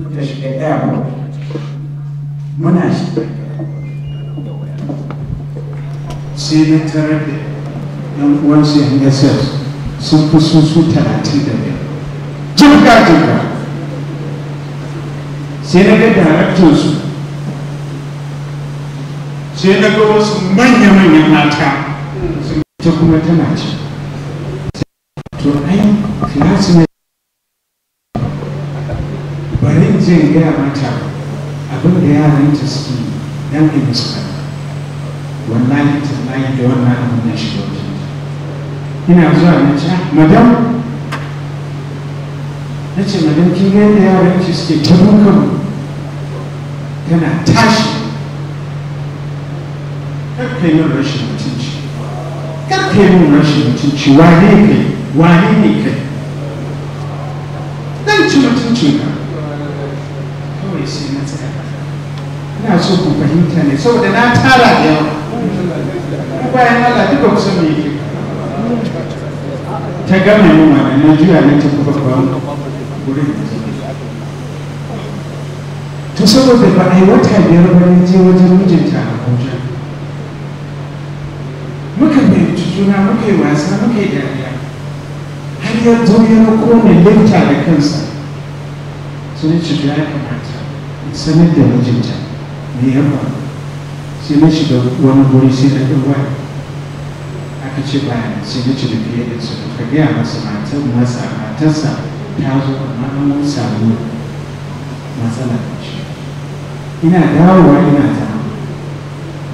muka shiga airport muna shiga sai na tarar da yan uwansu yan ss sun fi su su talatin da biyar jirga jirga sai na ga daraktansu sai na ga wasu manya manya mata ta kuma tana ce to ai ne. zai in gaya mata abin da ta suke dan kai musu kai wallahi tallahi da wannan abin da shi wajen ina zuwa na ce ah, madam na ce madam kin ga yadda yaranki suke ta dukan tana tashi karka yi rashin mutunci karka yi rashin mutunci wane kai wane ne kai Dan ci mutuncin ka da shi na tsaya ina so ku fahimta ne saboda na tara da yawa bayan Allah duka ku yake ta game mu ma na juya ne ta kuma ba gurin to saboda ba a yi wata biyar ba ne je wajen mijinta a Abuja muka fahimci juna muka yi wasa muka yi dariya har ya zo kone lifta da kansa sun ci ya kamata sanar da mijinta me ya faru sai na shiga wani guri sai na ɗin aka ce fiye da ka gaya masa matarsa ta zo matsala da shi ina dawowa ina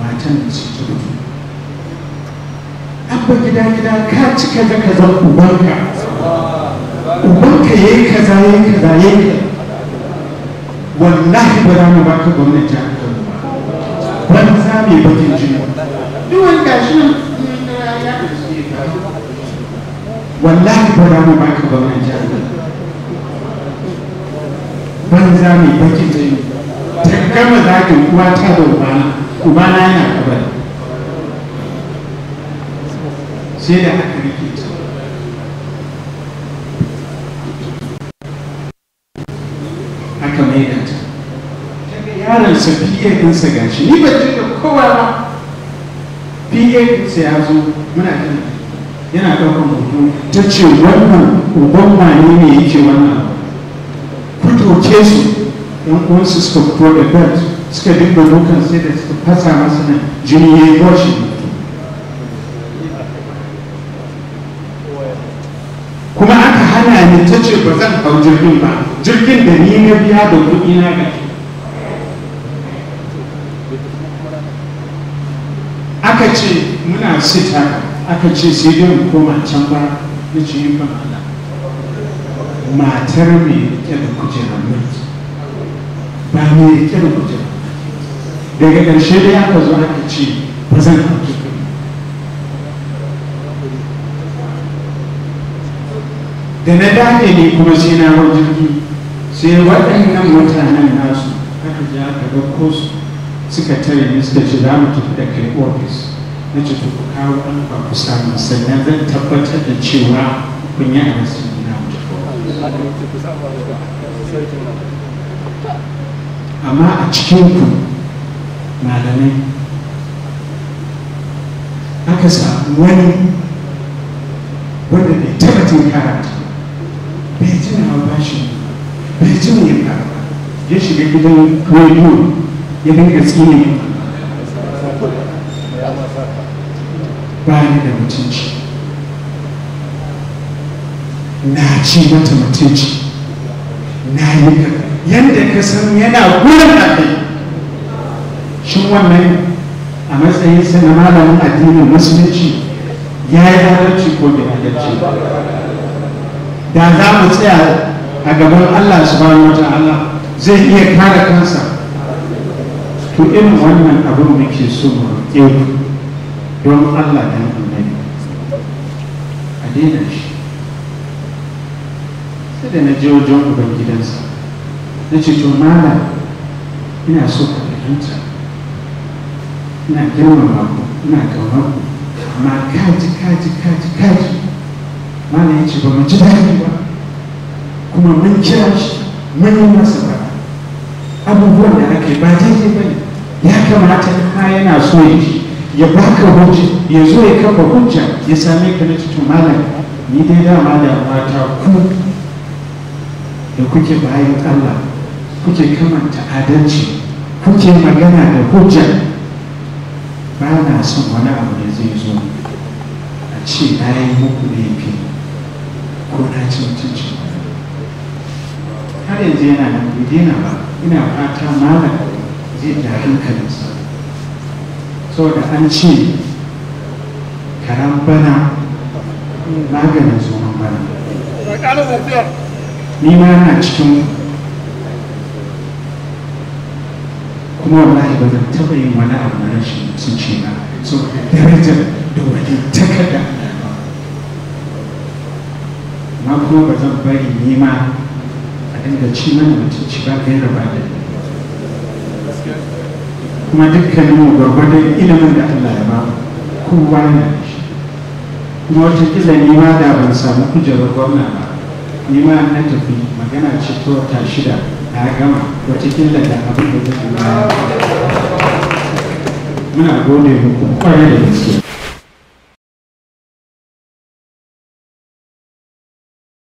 matan ta gida gida ka cika da kaza wallahi ba za mu baka gwamnati a kan ba ba za mu yi bakin jini duk wani gashi nan eh, wallahi ba za mu baka gwamnati a kan ba za mu yi bakin jini ta gama zagin uwa ta da ubana ubana yana kabari sai da aka haka mai da ta daga yaron sa fiye ɗinsa gashi ni ba ji da kowa ba fiye sa ya zo muna kan yana ɗaukar hoto ta ce wannan uban wane ne yake wannan ku doke su yan uwansu suka fito da belt suka dinga dukan sai da suka fasa masa nan jini ya yi bashi kuma aka hana ni ta ce ba zan hau jirgin ba jirgin da ni na biya da kuɗi na ga aka ce muna sita aka ce sai dai mu koma can ba na ce yin Allah matar mai rike da kujerar mulki ba mai rike da kujerar daga ƙarshe dai aka zo aka ce ba zan ɗauki da na dame ne kuma sai na hau jirgi sai waɗannan mutanen nasu aka za aka ɗauko su suka tare ni suka ce za mu tafi da kai ofis na ce ku kawo ɗan ba ku samu sannan zan tabbatar da cewa kun yi a nasu na amma a cikinku malamai aka samu wani mutum ya kai gaske ne ba ni da mutunci na ci mata mutunci na yi yadda ka san yana gudun a Shin wannan a matsayinsa na malamin addinin musulunci ya yi halarci ko bai halarci da za mu tsaya a gaban allah subhanahu wa ta'ala zai iya kare kansa to irin wannan abin ke so mu roƙe don Allah dan annabi a daina shi sai da na je wajen ubangidansa na ce to mala ina so ka fahimta ina girmama ku ina ƙaunar ku amma kaji kaji kaji kaji mala ya ce ba mu ji daɗi ba kuma mun kira shi mun yi masa ba abubuwan da ake ba daidai ba ne ya kamata ka yana so yi ya baka hujja ya zo ya kafa hujja ya same ka na cikin malam ni dai dama da mata ku da kuke bayan Allah kuke kamanta adalci kuke magana da hujja ba na son wani abu da zai zo a ce na yi muku laifi ko na ci mutunci har yanzu yana da bai ba ina fata malam zai da hankalinsa da an ce karan bana maganin zuwan bana ni ma yana cikin kuma wallahi ba zan taɓa yin wani abu na rashin ce na da darajar da wani takarda amma kuma ba zan bari ma a dinga ci mana mutunci ba kai ba da kuma dukkanin mu gwargwadon ilimin da Allah ya ba kowa yana da shi kuma wata kila ni ma da ban samu kujerar gwamna ba ni ma na tafi magana ce ta wata shida ya gama wata kila da abin da zai muna gode muku kwarai da gaske